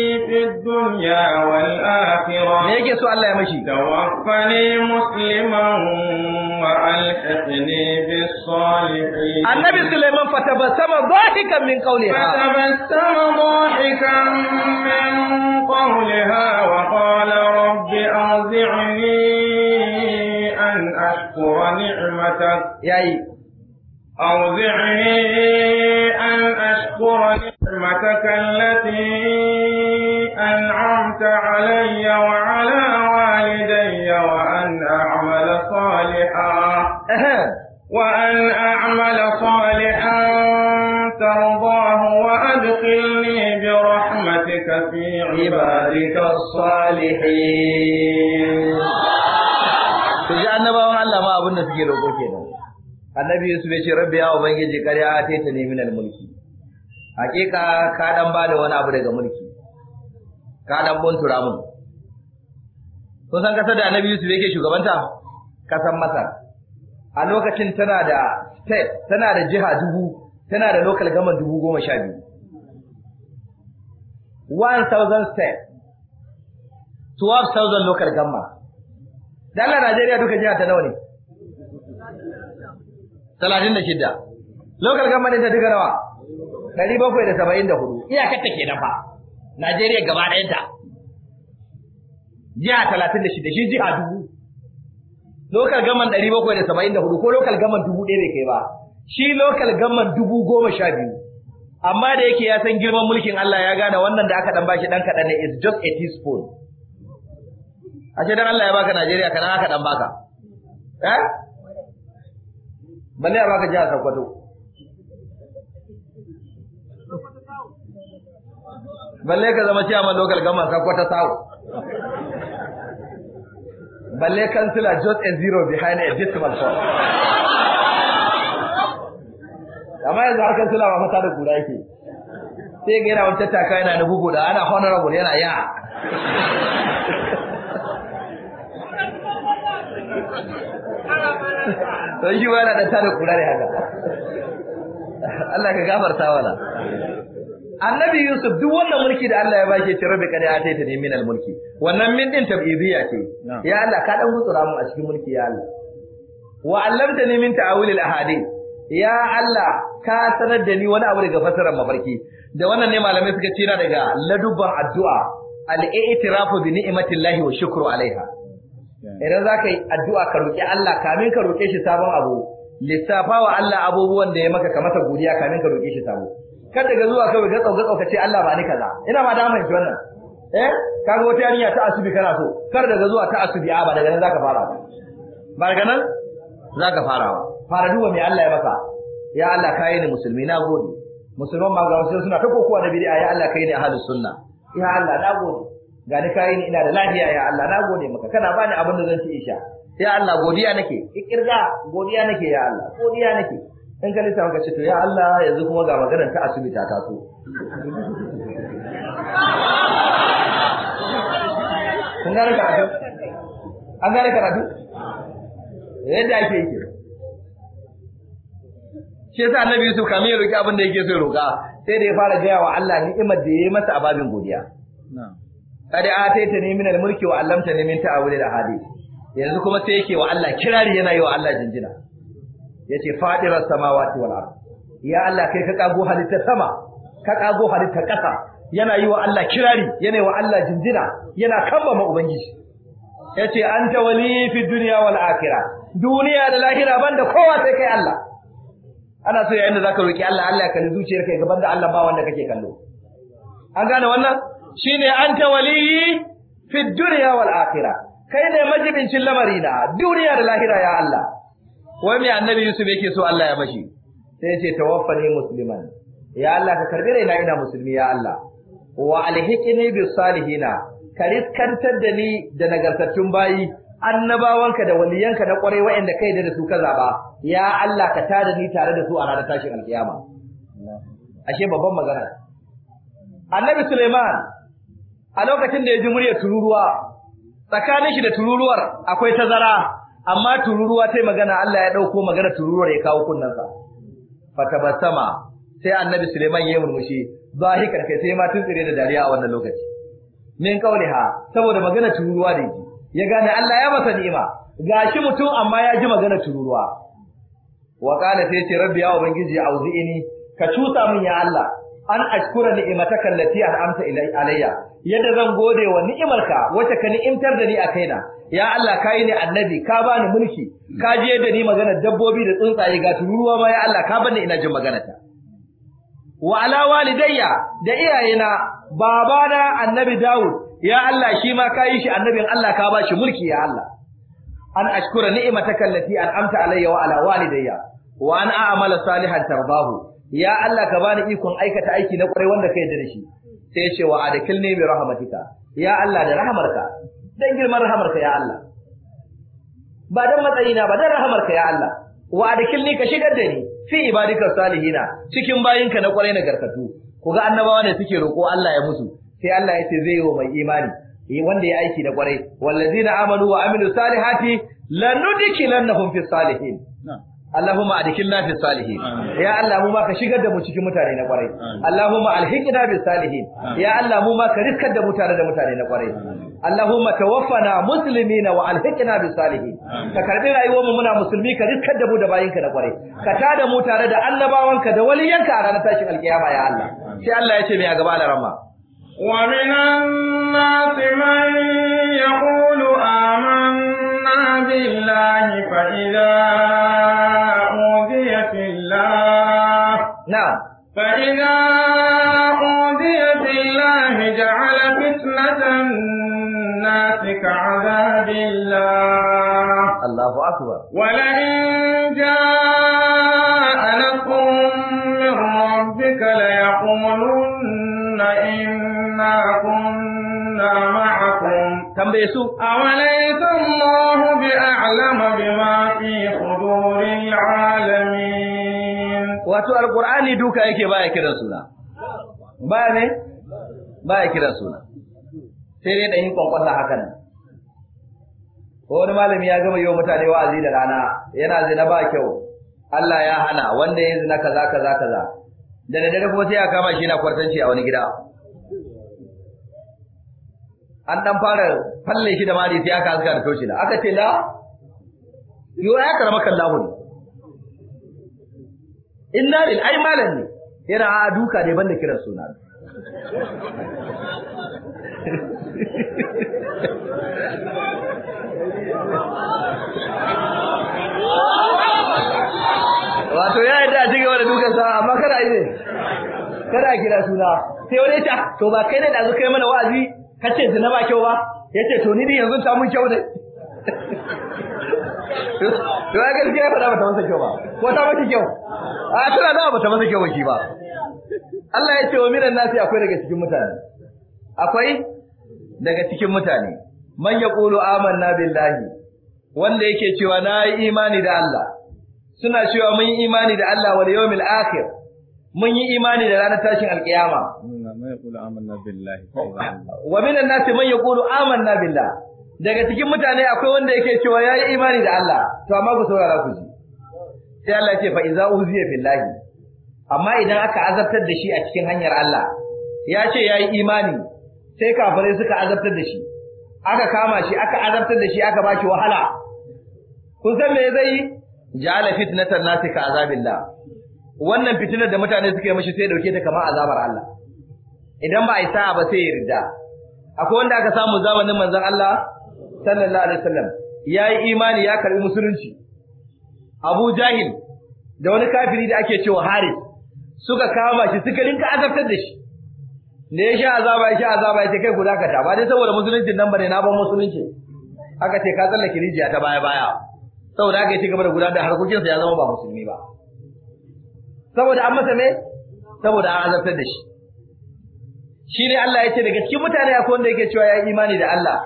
الدنيا والآخرة ليجي سؤال الله يا مشي توفني مسلما وألحقني بالصالحين النبي سليمان فتبسم ضاحكا من قولها فتبسم ضاحكا من قولها وقال رب أوزعني أن أشكر نعمتك يا أوزعني أن أشكر نعمتك التي أنعمت علي وعلى والدي وأن أعمل صالحا وأن أعمل صالحا ترضاه وأدخلني برحمتك في عبادك الصالحين تجي annabawan Allah ma abin da suke annabi Yusuf ya ce rabbi ya ubangiji kariya ta ta ne min mulki hakika ka dan bada wani abu daga mulki ka dan bontura mun to san kasar da annabi Yusuf yake shugabanta kasan Masar a lokacin tana da state tana da jiha dubu tana da local government dubu goma sha biyu one thousand state 12000 thousand local government na Najeriya duka jiha ta nawa ne talatin da shidda local government ta duka nawa ɗari bakwai da saba'in da hudu ke dafa Najeriya gaba da Jiha talatin da shida, shi jiha dubu. Lokal gaman ɗari bakwai da saba'in da hudu ko lokal gaman dubu ɗaya bai kai ba. Shi lokal gaman dubu goma sha biyu. Amma da yake ya san girman mulkin Allah ya gane wannan da aka ɗan bashi ɗan kaɗan ne is just a teaspoon. ce dan Allah ya baka Najeriya kaɗan aka ɗan baka. Eh? Balle ya baka jiha Sokoto. balle ka zama ciyaman local government ka kwata tawo balle kansila just a zero behind a decimal point amma yanzu har kansila ba fata da kura yake sai ga yana wancan taka yana da bugu da ana honorable yana ya don shi ba yana da tada kura ne haka Allah ka gafarta wala annabi yusuf duk wannan mulki da Allah ya baki ce rabbi kada taita ne min mulki wannan min din tabidiyya ce ya Allah ka dan gutsura mu a cikin mulki ya Allah wa allamtani min ta'awil al ahadith ya Allah ka sanar da ni wani abu daga fasarar mafarki da wannan ne malamai suka tira daga ladubban addu'a al-i'tirafu bi ni'matillahi wa shukru alaiha idan zaka yi addu'a ka roki Allah kamin ka roke shi sabon abu lissafa wa Allah abubuwan da ya maka ka masa godiya kamin ka roke shi sabo kada ga zuwa kawai ga tsauka tsauka ce Allah ba ni kaza ina ma da ji wannan eh kaga wata yarinya ta asubi kana so kar daga zuwa ta asubi a ba daga nan zaka fara ba daga nan zaka fara ba fara duba me Allah ya maka ya Allah kai ni musulmi na gode musulman ma ga wasu suna ta kokowa da bid'a ya Allah kai ni ahlus sunna ya Allah na gode ga ni kai ni ina da lafiya ya Allah na gode maka kana bani abin da zan ci isha ya Allah godiya nake ki godiya nake ya Allah godiya nake in ka lissafa ka ce to ya Allah yanzu kuma ga maganar ta asibi ta taso. kun gane karatu an gane karatu yadda ake yi shi yasa annabi Yusuf kamin ya roki abin da yake so ya roka sai da ya fara gaya wa Allah ni'imar da ya yi masa a babin godiya kad ataita ni min al-mulki wa allamta ni abu ta'awil da hadi. yanzu kuma sai yake wa Allah kirari yana yi wa Allah jinjina yace fadirar samawati wal ard ya Allah kai ka kago halitta sama ka kago halitta kasa yana yi wa Allah kirari yana yi wa Allah jinjina yana kamba ma ubangiji yace anta wali fi dunya wal akhirah duniya da lahira banda kowa sai kai Allah ana so yayin da zaka roki Allah Allah ya kalli zuciyarka ya gaban da Allah ba wanda kake kallo an gane wannan shine anta wali fi dunya wal akhirah kai ne majibincin lamarina duniya da lahira ya Allah wai me annabi Yusuf yake so Allah ya mashi sai ya ce tawaffani musliman ya Allah ka karbi raina ina musulmi ya Allah wa alhiqni bis salihina ka riskantar da ni da nagartattun bayi annabawanka da waliyanka na kwarai waɗanda kai da su ka zaba ya Allah ka tada ni tare da su a ranar tashin alkiyama ashe babban magana annabi Suleiman a lokacin da ya ji muryar tururuwa tsakanin shi da tururuwar akwai tazara amma tururuwa sai magana Allah ya dauko magana tururuwar ya kawo kunnansa fatabassama sai annabi Suleiman ya murmushi zahikan kai sai ma tsire da dariya a wannan lokaci min ha saboda magana tururuwa da yake ya gane Allah ya masa ni'ima gashi mutum amma ya ji magana tururuwa wa qala sai ce rabbi ya ubangiji auzi'ini ka cusa min ya Allah an ashkura ni'imataka allati an'amta alayya yadda zan gode wa ni'imarka wacce ka ni'imtar da ni a kaina ya Allah kai ni annabi ka bani mulki ka je da ni magana dabbobi da tsuntsaye ga tururuwa ma ya Allah ka bani ina jin magana ta wa ala walidayya da iyayena babana annabi Dawud ya Allah shi ma kai shi annabin Allah ka ba mulki ya Allah an ashkura ni'imataka allati an'amta alayya wa ala walidayya wa an a'mala salihan tardahu ya Allah ka bani ikon aikata aiki na kwarai wanda ka yarda da shi sai ya ce wa ne bi rahmatika ya Allah da rahamarka dan girman rahamarka ya Allah ba dan matsayina ba dan rahamarka ya Allah wa adkilni ka shigar da ni fi ibadika salihina cikin bayinka na kwarai garkatu. ku ga annabawa ne suke roƙo Allah ya musu sai Allah ya ce zai yi wa mai imani wanda ya aiki da kwarai wallazina amanu wa amilu salihati lanudkilannahum fi salihin Allahumma adkhilna fi salihin ya Allah ka shigar da mu cikin mutane na kwarai Allahumma alhiqna bi ya Allah mu ma ka riskar da mutane da mutane na kwarai Allahumma tawaffana wa alhiqna bi ka karbi rayuwar mu muna musulmi ka riskar da mu da bayinka na kwarai ka tada mu tare da annabawanka da waliyanka a ranar tashin ya Allah sai Allah ya ce mai a ومن الناس من يقول آمنا بالله فإذا نعم فإذا أوذي في الله جعل فتنة الناس كعذاب الله الله أكبر ولئن جاء نصر من ربك ليقولن إنا كنا كنا معكم تنبيسوا أوليس الله بأعلم بما في صدور wani malami ya gama yi wa mutane wa'azi da rana yana zina ba kyau Allah ya hana wanda ya zina kaza kaza kaza da dare kuma sai ya kama shi yana kwartanci a wani gida an dan fara falle shi da mari sai aka toshi da aka ce la yo ya karama kallahu ne inna lil ai ne yana a duka ne banda kiran suna wato ya yadda a cigaba da dukan sa amma kada a yi ne kada a kira suna sai wani ta ah, to ba kai ne da zo kai mana wa'azi ka ce zina ba kyau ba ya ce to ni ne yanzu ta mun kyau ne to ya gaskiya ya faɗa ta masa kyau ba ko ta masa kyau a tana da ta masa kyau baki ba Allah ya ce wa minan nasi akwai daga cikin mutane akwai daga cikin mutane man kulu amanna billahi wanda yake cewa na yi imani da Allah suna cewa mun yi imani da Allah wal yawmil akhir mun yi imani da ranar tashin alkiyama wa minan nasi man yaqulu amanna billah daga cikin mutane akwai wanda yake cewa yayi imani da Allah to amma ku saurara ku ji sai Allah ya ce fa iza uziya billahi amma idan aka azabtar da shi a cikin hanyar Allah ya ce yayi imani sai kafirai suka azabtar da shi aka kama shi aka azabtar da shi aka bashi wahala kun san me zai yi ja'ala fitnatan nasi ka azabillah wannan fitinar da mutane suka yi mashi sai dauke ta kamar azabar Allah idan ba a yi sa'a ba sai ya rida akwai wanda aka samu zamanin manzon Allah sallallahu alaihi wasallam yayi imani ya karbi musulunci Abu Jahil da wani kafiri da ake cewa Haris suka kama shi suka linka azabtar da shi ne ya sha azaba ya sha azaba ya ce kai guda ka ta ba dai saboda musulunci nan bane na ban musulunci aka ce ka tsalla kirijiya ta baya baya saboda haka ya ci gaba da gudanar da harkokinsa ya zama ba musulmi ba saboda an masa me saboda an azabtar da shi shi ne Allah ya ce daga cikin mutane akwai wanda yake cewa ya yi imani da Allah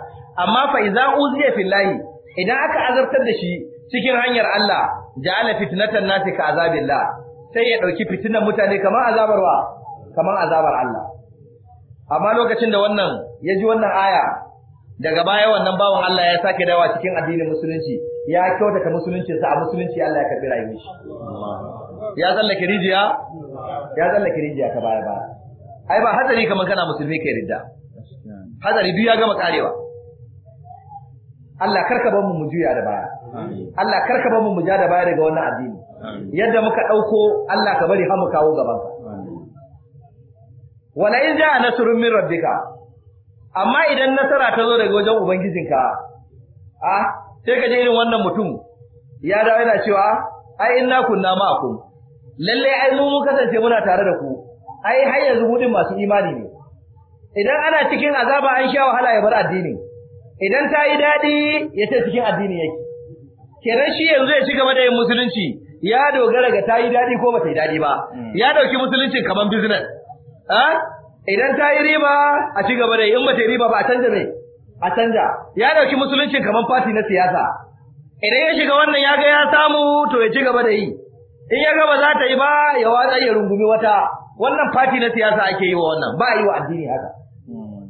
amma fa iza uziya fillahi idan aka azabtar da shi cikin hanyar Allah ja'ala fitnatan nasi ka azabillah sai ya dauki fitinan mutane kamar azabarwa kamar azabar Allah amma lokacin da wannan ya ji wannan aya daga baya wannan bawan Allah ya sake dawa cikin addinin musulunci ya kyautata musuluncinsa a musulunci Allah ya karbi rayuwar shi ya tsallake rijiya ya tsallake rijiya ta baya ba. ai ba hadari kamar kana musulmi kai ridda hadari duk ya gama karewa Allah karka ban mu mu juya da baya Allah karka ban mu mu ja da baya daga wannan addini yadda muka dauko Allah ka bari hamu mu kawo gaban ka wala in ja'a nasrun min rabbika amma idan nasara ta zo daga wajen ubangijinka ah sai ka je irin wannan mutum ya dawo yana cewa ai inna kunna ma'akum lalle ai mu mun kasance muna tare da ku ai har yanzu mu din masu imani ne idan ana cikin azaba an sha wahala ya bar addini idan ta yi dadi ya ce cikin addini yake kenan shi yanzu ya ci gaba da yin musulunci ya dogara ga ta yi dadi ko bata yi dadi ba hmm. ya dauki musulunci kaman business ha idan ta yi riba a ci gaba da in bata yi riba ba a canja me a canja ya dauki musulunci kaman party na siyasa idan ya shiga wannan ya ga ya samu to ya ci gaba da yi in ya ga ba za ta yi ba ya watsa ya rungumi wata wannan fati na siyasa ake yi wa wannan ba a yi wa addini haka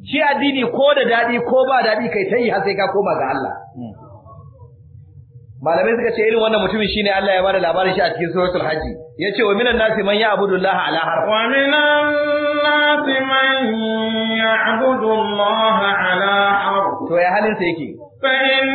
shi addini ko da daɗi ko ba daɗi kai ta yi har sai ka koma ga Allah malamai suka ce irin wannan mutumin shine Allah ya bada labarin shi a cikin suratul hajji yace wa minan nasi man ya'budu Allah ala harf wa minan nasi man ya'budu Allah ala harf to ya halin sa yake fa in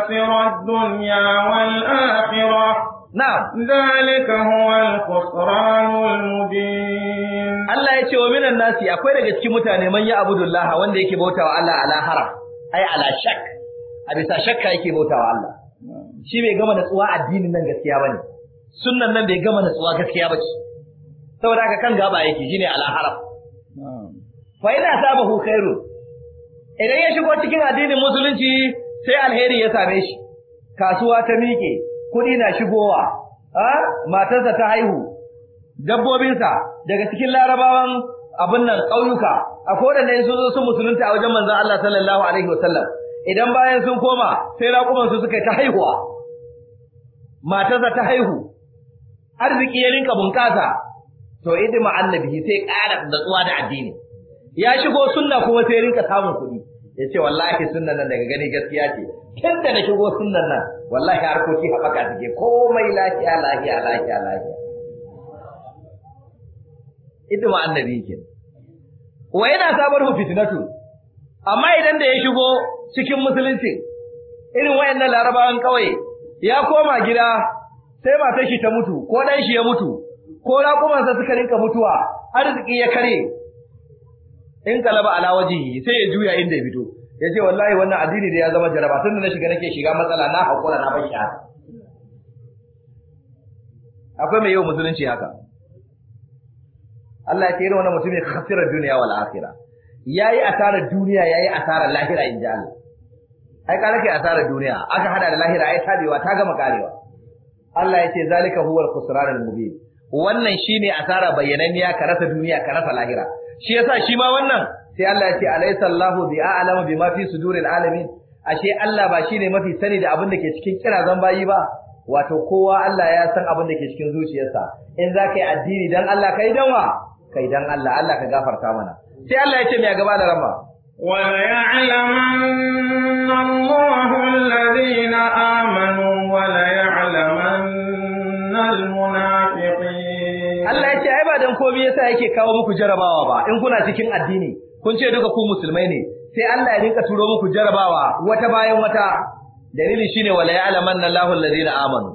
Allah ya ce wa minan Nasi, akwai daga cikin mutane man ya abudullah wanda yake bautawa Allah ala ai ala shak a bisa shakka yake bautawa Allah shi bai gama natsuwa addinin nan gaskiya bane sunnan nan bai gama natsuwa gaskiya bace saboda haka kan gaba yake shine ala haram fa ina sabahu khairu idan ya shigo cikin addinin musulunci sai alheri ya same shi kasuwa ta miƙe kuɗi na shigowa a matarsa ta haihu dabbobinsa daga cikin larabawan abin nan ƙauyuka a ne sun zo sun musulunta a wajen manzon Allah sallallahu alaihi wasallam idan bayan sun koma sai raƙuman su suka ta haihuwa matarsa ta haihu arziki ya rinka bunƙasa to idima annabi sai ƙara tsuwa da addini ya shigo sunna kuma sai rinka samun kuɗi ya ce wallahi sunan nan daga gani gaskiya ce tun da na shigo sunan nan wallahi harkoki haɓaka suke komai lafiya lafiya lafiya lafiya ma annabi ke wa yana sabar mu fitnatu amma idan da ya shigo cikin musulunci irin wayannan larabawan kawai ya koma gida sai matar shi ta mutu ko dan shi ya mutu ko raƙumansa suka rinka mutuwa arziki ya kare in kalaba ala wajihi sai ya juya inda ya fito ya ce wallahi wannan addini da ya zama jaraba tun da na shiga nake shiga matsala na haƙura na bashi shahara akwai mai yau musulunci haka Allah ya kira wannan mutum ya duniya wal akhirah yayi asarar duniya yayi asarar lahira in jalo ai ka nake asarar duniya aka hada da lahira ai tabewa ta gama karewa Allah ya ce zalika huwal khusranul mubin wannan shine asara bayyananniya ka rasa duniya ka rasa lahira shi yasa shi ma wannan sai Allah ya ce alaysa Allahu bi a'lamu bima fi suduril alamin ashe Allah ba shine mafi sani da abin da ke cikin kirazan bayi ba wato kowa Allah ya san abin da ke cikin zuciyarsa in za ka yi addini dan Allah kai dan wa kai dan Allah Allah ka gafarta mana sai Allah ya ce mai gaba da rama wa ya'lamanna Allahu alladhina amanu wa la ya'lamanna al Allah ya ce ai ba dan komai yasa yake kawo muku jarabawa ba in kuna cikin addini kun ce duka ku musulmai ne sai Allah ya rinka turo muku jarabawa wata bayan wata dalili shine wala ya'lamanna Allahu alladhina amanu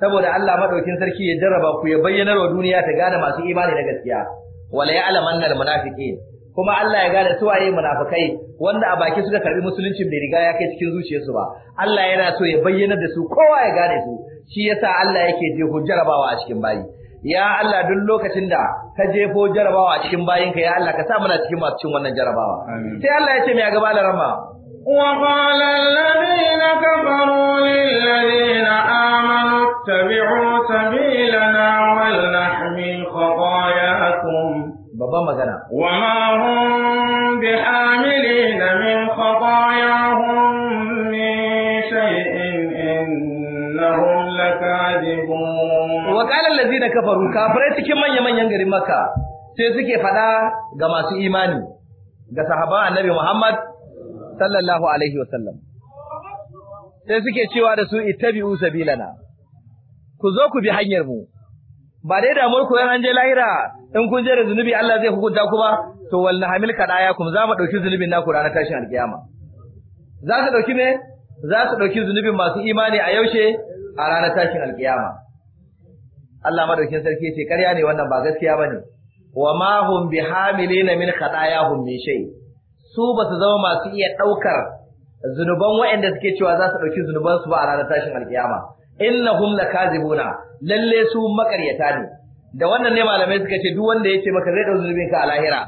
saboda Allah madaukin sarki ya jarraba ku ya bayyanar wa duniya ta gane masu imani da gaskiya wala ya'lamanna almunafiqin kuma Allah ya gane suwaye munafikai wanda a baki suka karbi musulunci bai riga ya kai cikin zuciyarsu ba Allah yana so ya bayyana da su kowa ya gane su shi yasa Allah yake je jarrabawa a cikin bayi ya Allah duk lokacin da ka jefo jarabawa a cikin bayinka ya Allah ka sa mana cikin masu cin wannan jarabawa sai Allah ya ce mai gaba da rama وقال الذين كفروا للذين آمنوا اتبعوا سبيلنا ولنحمل خطاياكم بابا مغنى وما هم بحاملين من خطاياهم لكاذبون وقال الذين كفروا كافرين cikin manyan gari garin Makka sai suke fada ga masu imani ga sahaban Annabi Muhammad sallallahu alaihi wasallam sai suke cewa da su ittabi'u sabilana ku zo ku bi hanyar mu ba dai damuwar ku yan an je lahira in kun je da zunubi Allah zai hukunta ku ba to wal hamil kadaya kum za dauki zunubin naku ranar tashin alkiyama za su dauki me za su dauki zunubin masu imani a yaushe a ranar tashin alkiyama Allah madaukin sarki ce karya ne wannan ba gaskiya bane wa ma hum na min khatayahum min shay su ba su zama masu iya ɗaukar zunuban waɗanda suke cewa za su dauki zunuban su ba a ranar tashin alkiyama innahum lakazibuna lalle su makaryata ne da wannan ne malamai suka ce duk wanda yace maka zai dau zunubin ka a lahira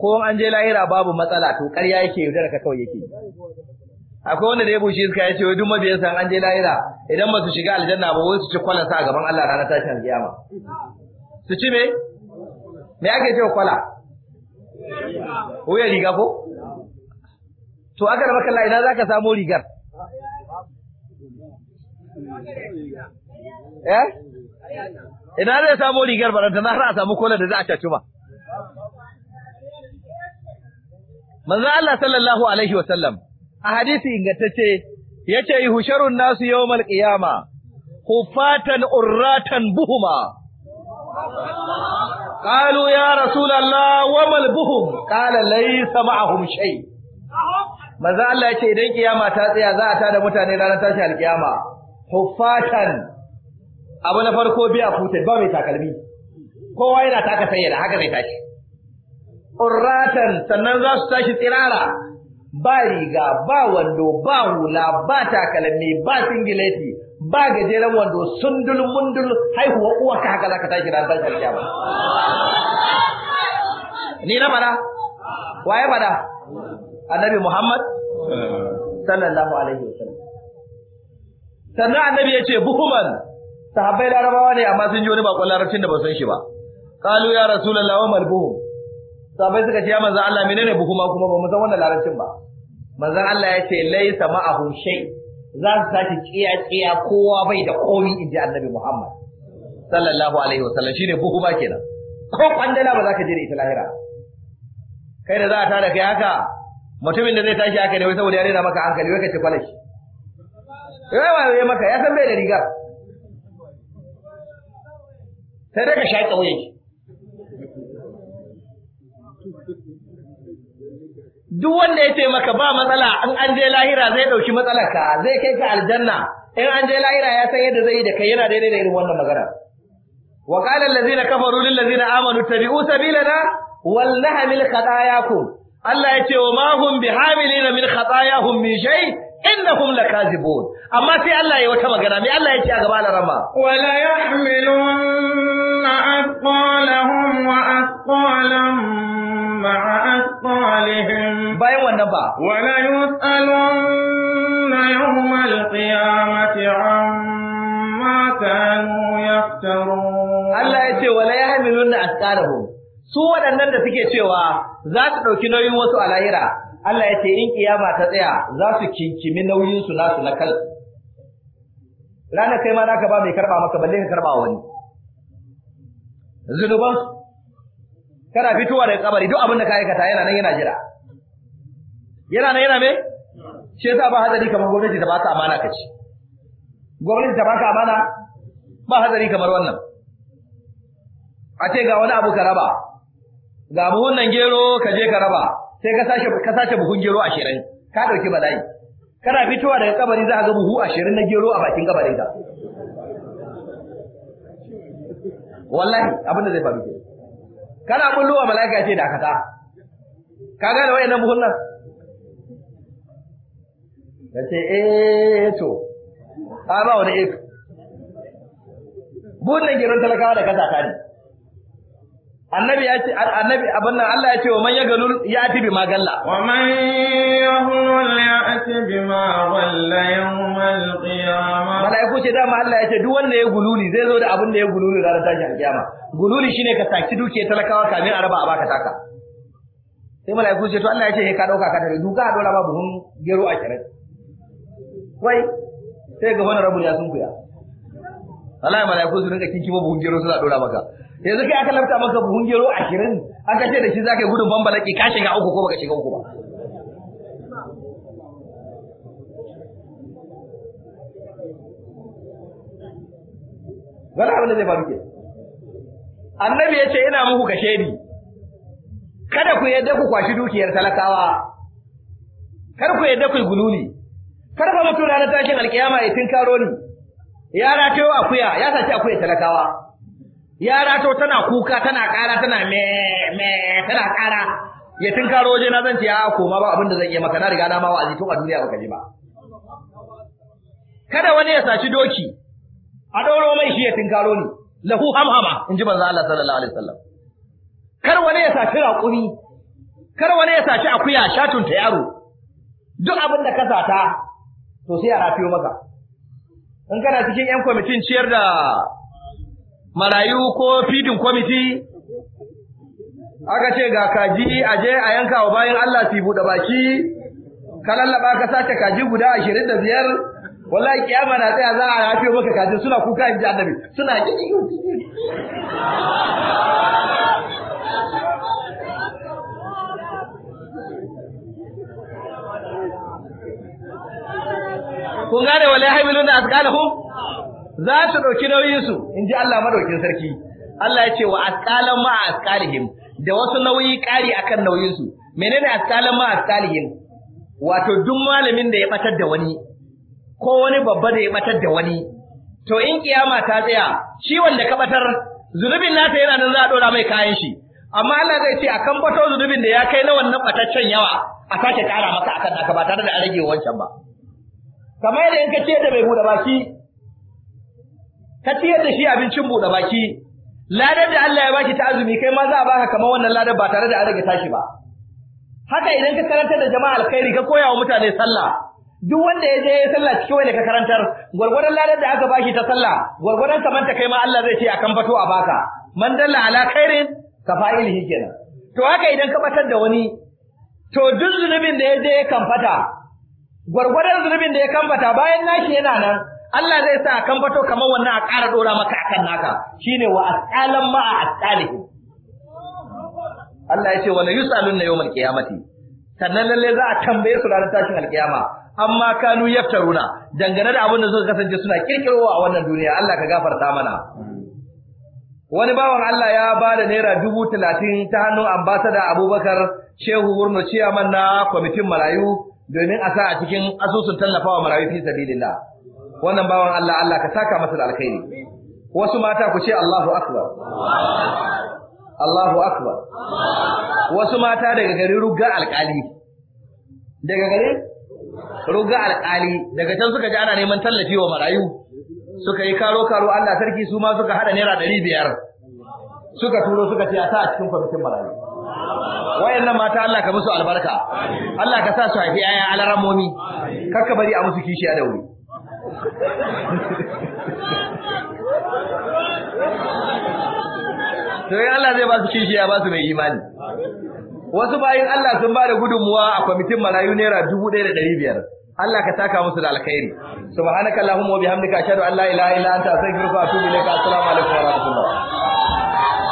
ko an je lahira babu matsala to ƙarya yake yaudara ka kawai yake akwai wanda da ya bushe iska ya ce duk mabiyan san an je lahira idan ba su shiga aljanna ba wai su ci kwala sa gaban Allah ranar tashin alkiyama su ci me me ake cewa kwala wuya riga ko to aka raba kallai idan zaka samu rigar eh ina zai samu rigar ba na har a samu kola da za a caci ba manzo Allah sallallahu alaihi wasallam a hadisi ingantacce yace husharun nasu yawmal qiyama hufatan urratan buhuma قالوا يا رسول الله buhum. البهم قال sama a hunshai. Maza Allah yace idan kiyama ta tsaya za a tada mutane ranar tashi alkiyama hufatan abu na farko a futai ba mai takalmi kowa yana taka sayyada haka zai tashi urratan sannan za su tashi tsirara ba riga ba wando ba hula ba takalmi ba singileti ba gajeren wando sundul mundul haihuwa uwa ka haka zaka tashi ran tashin kiyama ni na fada waye fada annabi muhammad sallallahu alaihi wasallam sannan annabi ya ce buhuman sahabbai larabawa ne amma sun ji wani bakon larabcin da ba san shi ba qalu ya rasulullahi wa malbuhum Sabai suka ce ya manzon Allah menene ma kuma ba mu san wannan larabcin ba manzon Allah ya ce laisa ma'ahu shay za su tashi tsiya tsiya kowa bai da komi inji annabi Muhammad sallallahu alaihi wasallam shine buhuma kenan ko kwandala ba za ka je da ita lahira kai da za a tada kai haka mutumin da zai tashi haka ne wai saboda ya rena maka hankali wai ka ce kwalashi wai wai maka ya san bai da rigar sai dai ka shaƙa wuyanki duk wanda ya taimaka ba matsala in an je lahira zai ɗauki matsalar ka zai kai ka aljanna in an je lahira ya san yadda zai yi da kai yana daidai da irin wannan magana wa qala allazina kafaru lil ladzina amanu tabi'u sabilana wal nahmil khatayakum Allah ya ce wa ma hum bihamilina min khatayahum min shay innahum lakazibun amma sai Allah ya wata magana me Allah ya ce a gaba larama wala yahmilun أثقالهم وأثقالا مع أثقالهم ولا يسألون يوم القيامة عما كانوا يفترون الله يتي ولا أثقالهم su waɗannan da suke cewa za su ɗauki nauyin wasu a lahira Allah ya ce in kiyama ta tsaya za su kinkimi nauyin su nasu na kansu ranar kai ma naka ba mai karba maka balle ka karba wani zunuban kana fitowa daga kabari duk abin da ka aikata yana nan yana jira yana nan yana me shi yasa ba hadari kamar gwamnati da baka amana kace gwamnati da ka amana ba hadari kamar wannan a ce ga wani abu ka raba ga buhun nan gero ka je ka raba sai ka sace ka sace buhun gero ashirin, ka dauki bala'i kana fitowa daga kabari za ka ga buhu ashirin na gero a bakin kabarin ka wallahi abinda zai faru ke kana bullowa mala'ika ce da kata ka gane wayannan buhunnan da ce eh to a ba wani eh buhunnan gidan talakawa da kasa ta ne annabi ya ce annabi abin nan Allah ya ce wa man yaghlul ya'ti bima galla wa man yahlul ya'ti bima walla yawmal qiyamah malaiku ce dama Allah ya ce duk wanda ya gululi zai zo da abin da ya gululi ranar tashin kiyama gululi shine ka saki duke talakawa kamin a a baka taka sai malaiku ce to Allah ya ce ka dauka ka tare duka dole ba buhun gero a kirai wai sai ga wani rabu ya sunkuya wallahi malaiku su rinka kinkimo buhun gero suna dora maka yanzu kai aka lafta maka buhun gero 20 aka ce da shi zaka yi gudun bambalaki ka shiga uku ko baka shiga uku ba Wani abin zai faru ke. Annabi ya ce ina muku kashedi, kada ku yadda ku kwashi dukiyar talakawa, Kada ku yadda ku yi gululi, Kada fa mutum ranar tashin alkiyama ya tinkaro ni, ya rato akuya ya saci akuya talakawa ya rato tana kuka tana kara tana me me tana kara ya karo waje na zan ya koma ba abin da zan yi maka na riga na ma wa'azi to a duniya baka ji ba kada wani ya saci doki a dauro mai shi ya karo ni lahu hamhama in ji manzo Allah sallallahu alaihi wasallam kar wani ya saci raƙumi kar wani ya saci akuya shatun ta yaro duk abin da ka sata to sai a rafiyo maka in kana cikin yan kwamitin ciyar da marayu ko feeding kwamiti, aka ce ga kaji a je a yanka wa bayan Allah su buɗe baki ka lallaba ka sace kaji guda ashirin da biyar wallahi kiyama na tsaya za a rafe maka kaji suna kuka in ji annabi suna kiki kun gane wala yahmiluna asqalahum za su dauki nauyin su inji Allah madaukin sarki Allah ya ce wa asqalan ma asqalihim da wasu nauyi kari akan nauyin su menene asqalan ma asqalihim wato duk malamin da ya batar da wani ko wani babba da ya batar da wani to in kiyama ta tsaya shi wanda ka batar zunubin nata yana nan za a dora mai kayan shi amma Allah zai ce akan bato zunubin da ya kai na wannan bataccen yawa a sake kara masa akan haka ba tare da a rage wancan ba kamar yadda in ka ce da mai buɗe baki ka ciyar da shi abincin buɗe baki ladar da Allah ya baki ta azumi kai ma za a baka kamar wannan ladar ba tare da an rage tashi ba haka idan ka karantar da jama'a alkhairi ka koya wa mutane sallah duk wanda ya je ya sallah cikin wanda ka karantar gwargwadon ladar da aka baki ta sallah gwargwadon kamanta kai ma Allah zai ce akan fato a baka man dalla ala khairin kafa'ilihi kenan to haka idan ka batar da wani to duk zunubin da ya je ya kamfata Gwargwadar zunubin da ya kambata bayan nashi yana nan Allah zai sa a kambato kamar wannan a ƙara ɗora maka akan naka shine wa asqalan ma asqalihi Allah ya ce wala yusalun na yawmal qiyamati sannan lalle za a tambaye su ranar tashin alkiyama amma kanu yaftaruna dangane da abin da suka kasance suna kirkirowa a wannan duniya Allah ka gafarta mana wani bawan Allah ya ba da naira dubu talatin ta hannun ambasada Abubakar Shehu Wurno Ciyaman na kwamitin marayu domin a sa a cikin asusun tallafawa marayu fi sabilillah wannan bawan Allah Allah ka saka masa da alkhairi wasu mata ku ce Allahu akbar Allahu akbar wasu mata daga gari ruga alkali daga gari ruga alkali daga can suka ji ana neman tallafi wa marayu suka yi karo karo Allah sarki su ma suka hada naira 500 suka turo suka ce a sa a cikin kwamitin marayu wayannan mata Allah ka musu albarka Allah ka sa su haifi yaya alaramomi karka bari a musu kishiya da wuri to yi Allah zai ba su kishiya ba su mai imani wasu bayin Allah sun ba da gudunmuwa a kwamitin marayu naira dubu ɗaya da ɗari biyar Allah ka taka musu da alkhairi subhanaka allahumma wa bihamdika ashhadu an la ilaha illa anta astaghfiruka wa atubu ilaika assalamu alaikum wa rahmatullah